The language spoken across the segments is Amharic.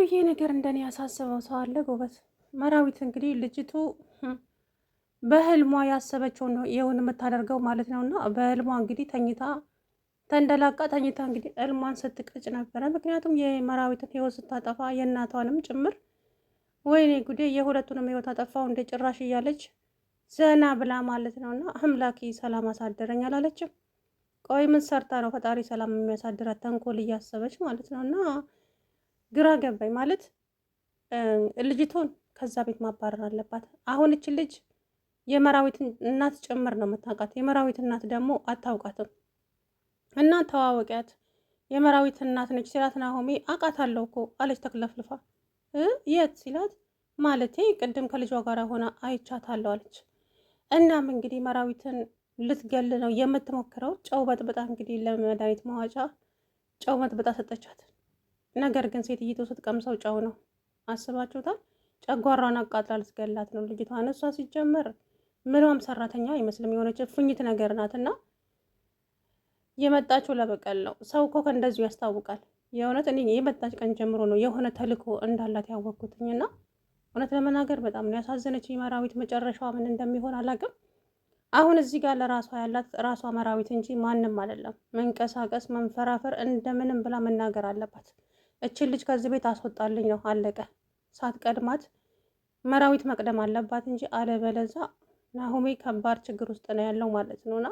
የፍርዬ ነገር እንደኔ ያሳሰበው ሰው አለ ጎበዝ። መራዊት እንግዲህ ልጅቱ በህልሟ ያሰበችውን የውን የምታደርገው ማለት ነው። እና በህልሟ እንግዲህ ተኝታ ተንደላቃ ተኝታ እንግዲህ እልሟን ስትቀጭ ነበረ። ምክንያቱም የመራዊትን ህይወት ስታጠፋ የእናቷንም ጭምር ወይኔ ጉዴ የሁለቱንም ህይወት አጠፋው እንደ ጭራሽ እያለች ዘና ብላ ማለት ነው። እና አምላኬ ሰላም አሳደረኝ አላለችም? ቆይ ምን ሰርታ ነው ፈጣሪ ሰላም የሚያሳድራት? ተንኮል እያሰበች ማለት ነው እና ግራ ገባኝ። ማለት ልጅቶን ከዛ ቤት ማባረር አለባት። አሁን እች ልጅ የመራዊት እናት ጭምር ነው የምታውቃት። የመራዊት እናት ደግሞ አታውቃትም እና ተዋወቂያት የመራዊት እናት ነች ሲላት፣ ናሆሜ አውቃታለሁ እኮ አለች ተክለፍልፋ። የት ሲላት፣ ማለቴ ቅድም ከልጇ ጋር ሆና አይቻታለሁ አለች። እናም እንግዲህ መራዊትን ልትገል ነው የምትሞክረው። ጨው በጥብጣ እንግዲህ ለመድኃኒት ማዋጫ ጨው መጥብጣ ሰጠቻት። ነገር ግን ሴትይቱ ስትቀምሰው ጨው ነው። አስባችሁታል? ጨጓሯን አቃጥላ ልትገላት ነው ልጅቷ። እሷ ሲጀመር ምንም ሰራተኛ አይመስልም የሆነች እፉኝት ነገር ናት። እና የመጣችው ለበቀል ነው። ሰው እኮ እንደዚሁ ያስታውቃል። የእውነት እኔ የመጣች ቀን ጀምሮ ነው የሆነ ተልእኮ እንዳላት ያወቅኩትኝ። እና እውነት ለመናገር በጣም ነው ያሳዘነች። መራዊት መጨረሻዋ ምን እንደሚሆን አላውቅም። አሁን እዚህ ጋር ለራሷ ያላት ራሷ መራዊት እንጂ ማንም አይደለም። መንቀሳቀስ፣ መንፈራፈር፣ እንደምንም ብላ መናገር አለባት። እችን ልጅ ከዚህ ቤት አስወጣልኝ ነው አለቀ። ሳትቀድማት መራዊት መቅደም አለባት እንጂ አለበለዛ ናሆሜ ከባድ ችግር ውስጥ ነው ያለው ማለት ነውና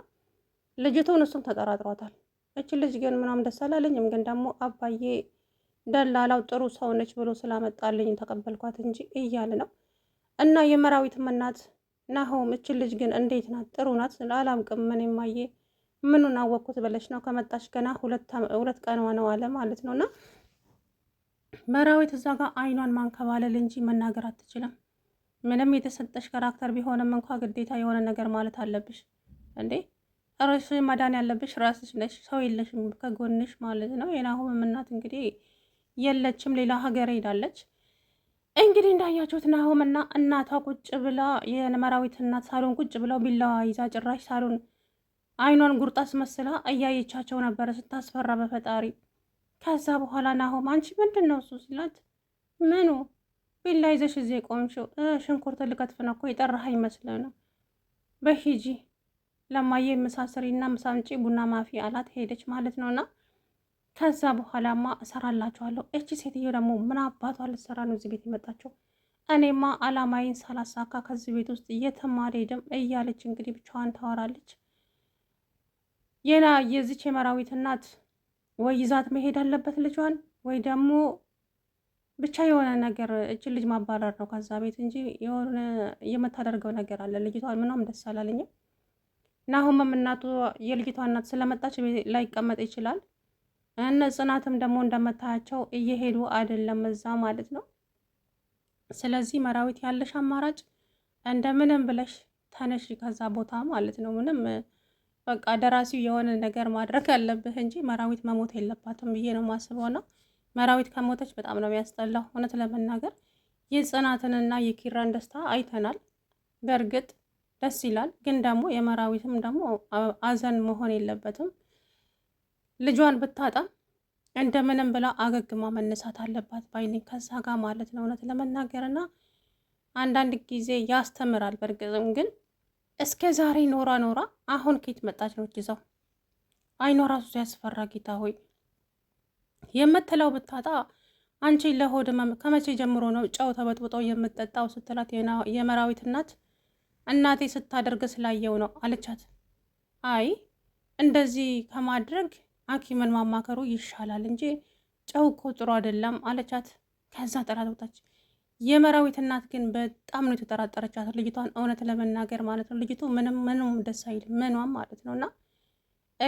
ልጅቱን እሱም ተጠራጥሯታል። እችን ልጅ ግን ምናም ደስ አላለኝም። ግን ደግሞ አባዬ ደላላው ጥሩ ሰው ነች ብሎ ስላመጣልኝ ተቀበልኳት እንጂ እያለ ነው እና የመራዊት እናት ናሆም እችን ልጅ ግን እንዴት ናት? ጥሩ ናት? አላውቅም። ምን የማየ ምኑን አወቅኩት ብለሽ ነው? ከመጣሽ ገና ሁለት ቀኗ ነው አለ ማለት ነውና መራዊት እዛ ጋር አይኗን ማንከባለል እንጂ መናገር አትችልም። ምንም የተሰጠሽ ካራክተር ቢሆንም እንኳ ግዴታ የሆነ ነገር ማለት አለብሽ እንዴ! ራስሽ መዳን ያለብሽ ራስሽ ነሽ፣ ሰው የለሽም ከጎንሽ ማለት ነው። የናሁም እናት እንግዲህ የለችም፣ ሌላ ሀገር ሄዳለች። እንግዲህ እንዳያችሁት ናሁምና እናቷ ቁጭ ብላ የመራዊት እናት ሳሎን ቁጭ ብለው ቢላዋ ይዛ ጭራሽ ሳሎን አይኗን ጉርጣ አስመስላ እያየቻቸው ነበረ ስታስፈራ በፈጣሪ ከዛ በኋላ ናሆም አንቺ ምንድን ነው እሱ ሲላት፣ ምኑ ቢላ ይዘሽ እዚህ የቆምሽው ሽንኩርት ልከትፍ ነው እኮ የጠራህ ይመስለ ነው። በሂጂ ለማየ ምሳስሪና ምሳምጪ ቡና ማፊ አላት። ሄደች ማለት ነውና ከዛ በኋላማ እሰራላችኋለሁ። እቺ ሴትዮ ደግሞ ምን አባቷ ልትሰራ ነው እዚህ ቤት የመጣችው? እኔማ አላማዬን ሳላሳካ ከዚህ ቤት ውስጥ እየተማሪ ደም እያለች እንግዲህ ብቻዋን ታወራለች። የና የዚች የመራዊት እናት ወይ ይዛት መሄድ አለበት ልጇን፣ ወይ ደግሞ ብቻ የሆነ ነገር እችን ልጅ ማባረር ነው ከዛ ቤት እንጂ የሆነ የምታደርገው ነገር አለ። ልጅቷን ምናም ደስ አላለኝም። ናሁመም እናቱ የልጅቷ እናት ስለመጣች ላይቀመጥ ይችላል። እነ ጽናትም ደግሞ እንደመታያቸው እየሄዱ አይደለም እዛ ማለት ነው። ስለዚህ መራዊት ያለሽ አማራጭ እንደምንም ብለሽ ተነሽ ከዛ ቦታ ማለት ነው ምንም በቃ ደራሲው የሆነ ነገር ማድረግ አለብህ እንጂ መራዊት መሞት የለባትም ብዬ ነው ማስበው። ነው መራዊት ከሞተች በጣም ነው የሚያስጠላው። እውነት ለመናገር የጽናትንና የኪራን ደስታ አይተናል። በእርግጥ ደስ ይላል፣ ግን ደግሞ የመራዊትም ደግሞ አዘን መሆን የለበትም። ልጇን ብታጣም እንደምንም ብላ አገግማ መነሳት አለባት ባይኔ ከዛ ጋር ማለት ነው እውነት ለመናገርና አንዳንድ ጊዜ ያስተምራል በእርግጥም ግን እስከ ዛሬ ኖራ ኖራ አሁን ከየት መጣች ነው ይዛው አይኗ ራሱ ያስፈራ። ጌታ ሆይ የምትለው ብታጣ አንቺ ለሆድ ህመም ከመቼ ጀምሮ ነው ጨው ተበጥብጦ የምትጠጣው? ስትላት የመራዊት እናት እናቴ ስታደርግ ስላየው ነው አለቻት። አይ እንደዚህ ከማድረግ ሀኪምን ማማከሩ ይሻላል እንጂ ጨው እኮ ጥሩ አይደለም አለቻት። ከዛ ጠላት ወጣች። የመራዊት እናት ግን በጣም ነው የተጠራጠረቻት ልጅቷን፣ እውነት ለመናገር ማለት ነው። ልጅቱ ምንም ምንም ደስ አይል ምኗም ማለት ነው። እና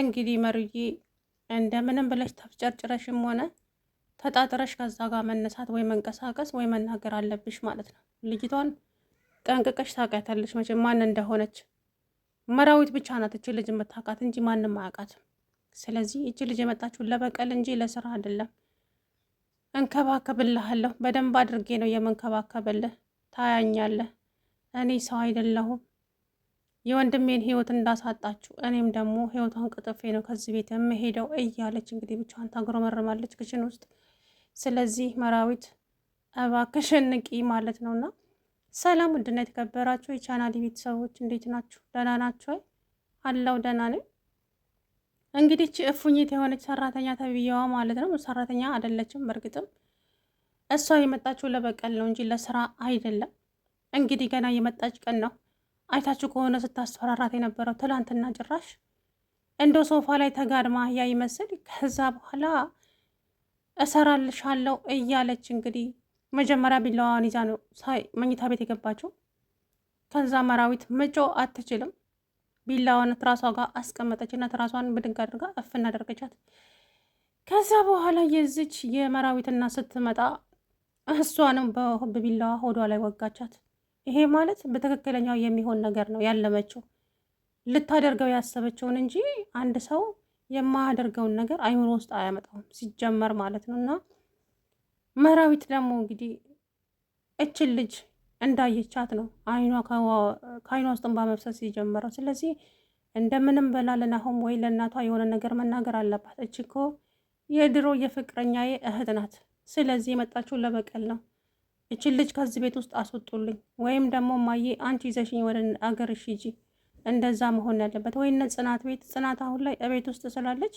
እንግዲህ መሩዬ እንደምንም ብለሽ ታፍጨርጭረሽም ሆነ ተጣጥረሽ ከዛ ጋር መነሳት ወይ መንቀሳቀስ ወይ መናገር አለብሽ ማለት ነው። ልጅቷን ጠንቅቀሽ ታውቂያታለሽ መቼም ማን እንደሆነች። መራዊት ብቻ ናት እች ልጅ የምታውቃት እንጂ ማንም አያውቃትም። ስለዚህ እች ልጅ የመጣችው ለበቀል እንጂ ለስራ አይደለም። እንከባከብልሃለሁ። በደንብ አድርጌ ነው የምንከባከብልህ። ታያኛለህ። እኔ ሰው አይደለሁም። የወንድሜን ህይወት እንዳሳጣችሁ እኔም ደግሞ ህይወቷን ቅጥፌ ነው ከዚህ ቤት የምሄደው እያለች እንግዲህ ብቻዋን ታጉረመርማለች ክሽን ውስጥ። ስለዚህ መራዊት እባክሽን ንቂ ማለት ነው እና ሰላም ውድና የተከበራችሁ የቻናል ቤተሰቦች እንዴት ናችሁ? ደህና ናችሁ? አለው ደህና ነኝ። እንግዲህ እፉኝት የሆነች ሰራተኛ ተብዬዋ ማለት ነው። ሰራተኛ አይደለችም። በእርግጥም እሷ የመጣችው ለበቀል ነው እንጂ ለስራ አይደለም። እንግዲህ ገና የመጣች ቀን ነው። አይታችሁ ከሆነ ስታስፈራራት የነበረው ትላንትና፣ ጭራሽ እንደ ሶፋ ላይ ተጋድማ ያ ይመስል ከዛ በኋላ እሰራልሻለሁ እያለች እንግዲህ መጀመሪያ ቢላዋን ይዛ ነው መኝታ ቤት የገባችው። ከዛ መራዊት መጮ አትችልም ቢላዋን ትራሷ ጋር አስቀመጠችና ትራሷን ብድግ አድርጋ እፍን እናደርገቻት። ከዛ በኋላ የዚች የመራዊትና ስትመጣ እሷንም በቢላዋ ሆዷ ላይ ወጋቻት። ይሄ ማለት በትክክለኛው የሚሆን ነገር ነው ያለመችው ልታደርገው ያሰበችውን እንጂ አንድ ሰው የማያደርገውን ነገር አይምሮ ውስጥ አያመጣውም ሲጀመር ማለት ነው። እና መራዊት ደግሞ እንግዲህ እችን ልጅ እንዳየቻት ነው ከአይኗ ውስጥ እንባ መፍሰስ የጀመረው። ስለዚህ እንደምንም ብላ ለናሆም ወይ ለእናቷ የሆነ ነገር መናገር አለባት። እች እኮ የድሮ የፍቅረኛዬ እህት ናት። ስለዚህ የመጣችው ለበቀል ነው። እችን ልጅ ከዚህ ቤት ውስጥ አስወጡልኝ፣ ወይም ደግሞ ማዬ አንቺ ይዘሽኝ ወደ አገርሽ ሂጂ። እንደዛ መሆን ያለበት ወይነ ጽናት ቤት ጽናት አሁን ላይ እቤት ውስጥ ስላለች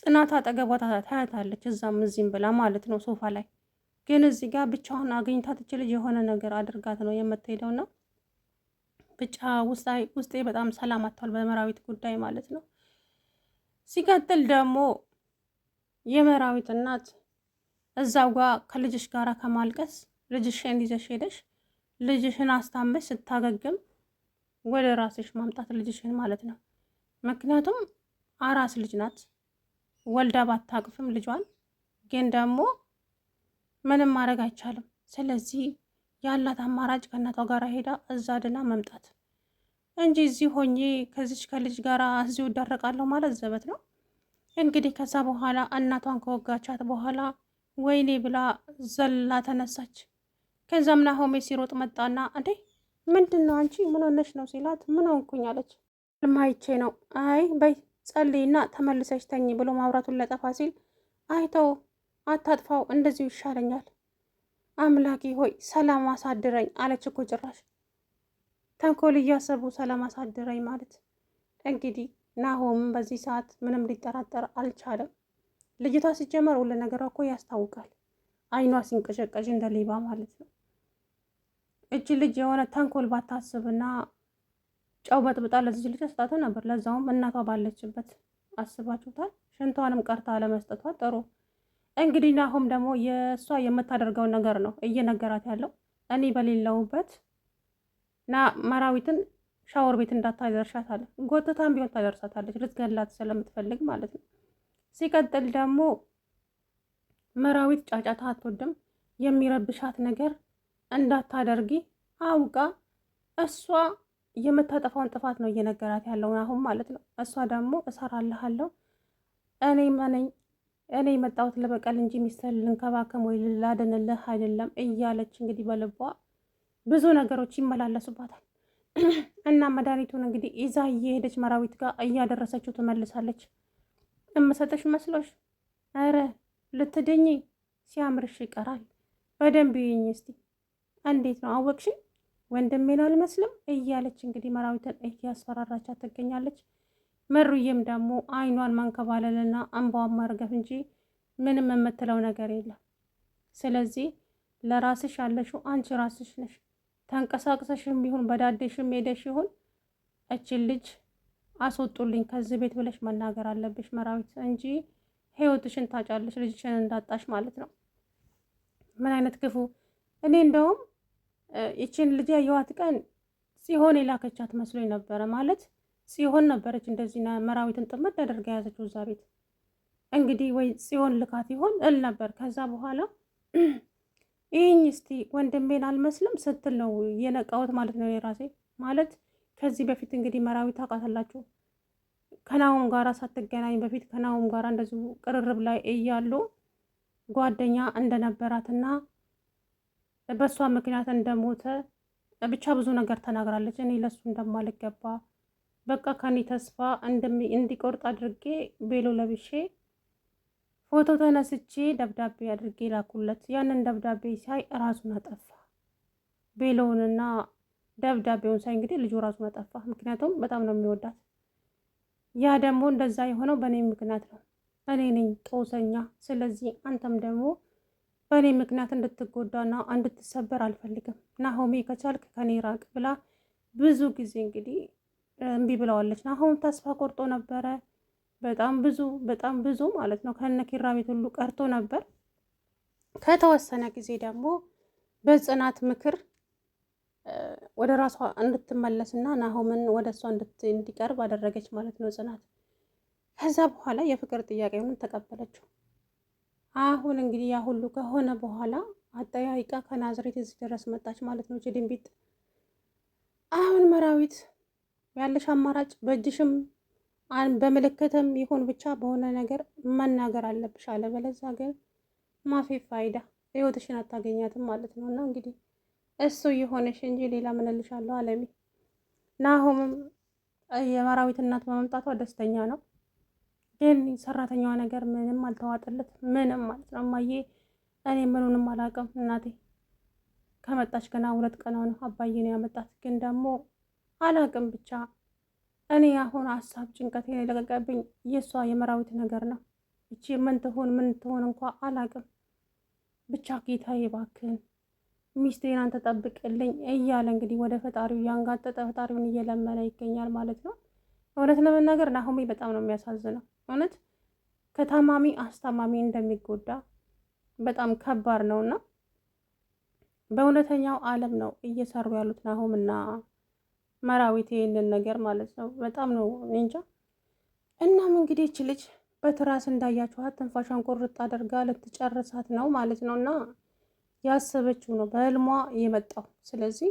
ጽናት አጠገቧ ታያታለች፣ እዛም እዚህም ብላ ማለት ነው ሶፋ ላይ ግን እዚህ ጋር ብቻዋን አገኝታት ትችል የሆነ ነገር አድርጋት ነው የምትሄደው። ነው ብቻ ውስጤ በጣም ሰላም አጥቷል በመራዊት ጉዳይ ማለት ነው። ሲቀጥል ደግሞ የመራዊት እናት እዛው ጋር ከልጅሽ ጋራ ከማልቀስ ልጅሽን ይዘሽ ሄደሽ ልጅሽን አስታመሽ ስታገግም ወደ ራስሽ ማምጣት ልጅሽን ማለት ነው። ምክንያቱም አራስ ልጅ ናት ወልዳ ባታቅፍም ልጇን ግን ደግሞ ምንም ማድረግ አይቻልም። ስለዚህ ያላት አማራጭ ከእናቷ ጋር ሄዳ እዛ ድና መምጣት እንጂ እዚህ ሆኜ ከዚች ከልጅ ጋር እዚሁ እዳረቃለሁ ማለት ዘበት ነው። እንግዲህ ከዛ በኋላ እናቷን ከወጋቻት በኋላ ወይኔ ብላ ዘላ ተነሳች። ከዛም ናሆሜ ሲሮጥ መጣና እንዴ ምንድን ነው አንቺ ምን ሆነሽ ነው ሲላት ምን ሆንኩኝ አለች። ልማይቼ ነው። አይ በይ ጸልይና ተመልሰች ተኝ ብሎ ማብራቱን ለጠፋ ሲል አይተው አታጥፋው፣ እንደዚሁ ይሻለኛል። አምላኬ ሆይ ሰላም አሳድረኝ አለች እኮ ጭራሽ። ተንኮል እያሰቡ ሰላም አሳድረኝ ማለት እንግዲህ ናሆምን በዚህ ሰዓት ምንም ሊጠራጠር አልቻለም። ልጅቷ ሲጀመር ሁሉ ነገሯ እኮ ያስታውቃል። አይኗ ሲንቀሸቀሽ እንደ ሌባ ማለት ነው። እቺ ልጅ የሆነ ተንኮል ባታስብና ጨው በጥብጣ ለዚች ልጅ አስጣቱ ነበር። ለዛውም እናቷ ባለችበት አስባችሁታል። ሽንቷንም ቀርታ ለመስጠቷ ጥሩ እንግዲህ ናሆም ደግሞ የእሷ የምታደርገው ነገር ነው እየነገራት ያለው። እኔ በሌለውበት ና መራዊትን ሻወር ቤት እንዳታደርሻት አለ። ጎትታም ቢሆን ታደርሳታለች፣ ልትገላት ስለምትፈልግ ማለት ነው። ሲቀጥል ደግሞ መራዊት ጫጫታ አትወድም፣ የሚረብሻት ነገር እንዳታደርጊ አውቃ እሷ የምታጠፋውን ጥፋት ነው እየነገራት ያለው አሁን ማለት ነው። እሷ ደግሞ እሰራልሃለሁ እኔ መነኝ እኔ የመጣሁት ለበቀል እንጂ ሚስትህን ልንከባከም ወይ ላደንልህ አይደለም እያለች እንግዲህ በልቧ ብዙ ነገሮች ይመላለሱባታል። እና መድኃኒቱን እንግዲህ ይዛ እየሄደች መራዊት ጋር እያደረሰችው ትመልሳለች። እምሰጥሽ መስሎሽ? ኧረ ልትድኝ ሲያምርሽ ይቀራል። በደንብ ይኝ እስቲ እንዴት ነው አወቅሽ? ወንድሜን አልመስልም እያለች እንግዲህ መራዊትን እያስፈራራቻት ትገኛለች። መሩዬም ደግሞ አይኗን ማንከባለልና አንባዋን ማርገፍ እንጂ ምንም የምትለው ነገር የለም። ስለዚህ ለራስሽ ያለሽው አንቺ ራስሽ ነሽ። ተንቀሳቅሰሽም ይሁን በዳዴሽም ሄደሽ ይሁን እችን ልጅ አስወጡልኝ ከዚህ ቤት ብለሽ መናገር አለብሽ መራዊት፣ እንጂ ህይወትሽን ታጫለሽ ልጅሽን እንዳጣሽ ማለት ነው። ምን አይነት ክፉ! እኔ እንደውም ይችን ልጅ ያየኋት ቀን ሲሆን የላከቻት መስሎኝ ነበረ ማለት ጽዮን ነበረች እንደዚህ መራዊትን ጥምድ አድርጋ የያዘችው እዛ ቤት። እንግዲህ ወይ ጽዮን ልካት ይሆን እል ነበር። ከዛ በኋላ ይህኝ እስቲ ወንድሜን አልመስልም ስትል ነው የነቃወት ማለት ነው። የራሴ ማለት ከዚህ በፊት እንግዲህ መራዊት ታውቃታላችሁ ከናውም ጋራ ሳትገናኝ በፊት ከናውም ጋራ እንደዚሁ ቅርርብ ላይ እያሉ ጓደኛ እንደነበራትና በእሷ ምክንያት እንደሞተ ብቻ ብዙ ነገር ተናግራለች። እኔ ለሱ እንደማልገባ በቃ ከኔ ተስፋ እንዲቆርጥ አድርጌ ቤሎ ለብሼ ፎቶ ተነስቼ ደብዳቤ አድርጌ ላኩለት። ያንን ደብዳቤ ሳይ ራሱን አጠፋ። ቤሎውንና ደብዳቤውን ሳይ እንግዲህ ልጁ ራሱን አጠፋ። ምክንያቱም በጣም ነው የሚወዳት። ያ ደግሞ እንደዛ የሆነው በእኔ ምክንያት ነው። እኔ ነኝ ጦሰኛ። ስለዚህ አንተም ደግሞ በእኔ ምክንያት እንድትጎዳና እንድትሰበር አልፈልግም። ናሆሜ ከቻልክ ከኔ ራቅ ብላ ብዙ ጊዜ እንግዲህ እምቢ ብለዋለች። ናሆም ተስፋ ቆርጦ ነበረ። በጣም ብዙ በጣም ብዙ ማለት ነው ከነ ኪራ ቤት ሁሉ ቀርቶ ነበር። ከተወሰነ ጊዜ ደግሞ በጽናት ምክር ወደ ራሷ እንድትመለስና ናሆምን ወደ እሷ እንዲቀርብ አደረገች ማለት ነው ጽናት። ከዛ በኋላ የፍቅር ጥያቄውን ተቀበለችው። አሁን እንግዲህ ያ ሁሉ ከሆነ በኋላ አጠያይቃ ከናዝሬት እዚህ ድረስ መጣች ማለት ነው ችድንቢጥ አሁን መራዊት ያለሽ አማራጭ በእጅሽም በምልክትም ይሁን ብቻ በሆነ ነገር መናገር አለብሽ። አለበለዛ ግን ማፌ ፋይዳ ህይወትሽን አታገኛትም ማለት ነው። እና እንግዲህ እሱ የሆነሽ እንጂ ሌላ ምንልሻለሁ አለሚ። ናሆምም የመራዊት እናት በመምጣቷ ደስተኛ ነው፣ ግን ሰራተኛዋ ነገር ምንም አልተዋጠለት ምንም ማለት ነው። እማዬ እኔ ምኑንም አላውቅም እናቴ ከመጣች ገና ሁለት ቀን ሆነ። አባዬ ነው ያመጣት ግን ደግሞ አላቅም ብቻ እኔ አሁን ሀሳብ ጭንቀት የለቀቀብኝ የእሷ የመራዊት ነገር ነው። እቺ ምን ትሆን ምን ትሆን እንኳ አላቅም ብቻ ጌታዬ እባክህን ሚስቴን አንተ ጠብቅልኝ እያለ እንግዲህ ወደ ፈጣሪው ያንጋጠጠ ፈጣሪውን እየለመነ ይገኛል ማለት ነው። እውነት ለመናገር ናሆሜ በጣም ነው የሚያሳዝነው። እውነት ከታማሚ አስታማሚ እንደሚጎዳ በጣም ከባድ ነው እና በእውነተኛው ዓለም ነው እየሰሩ ያሉት ናሆምና መራዊት ይሄንን ነገር ማለት ነው። በጣም ነው እንጃ። እናም እንግዲህ ይች ልጅ በትራስ እንዳያችኋት ትንፋሿን ቁርጥ አድርጋ ልትጨርሳት ነው ማለት ነው። እና ያሰበችው ነው በህልሟ የመጣው ስለዚህ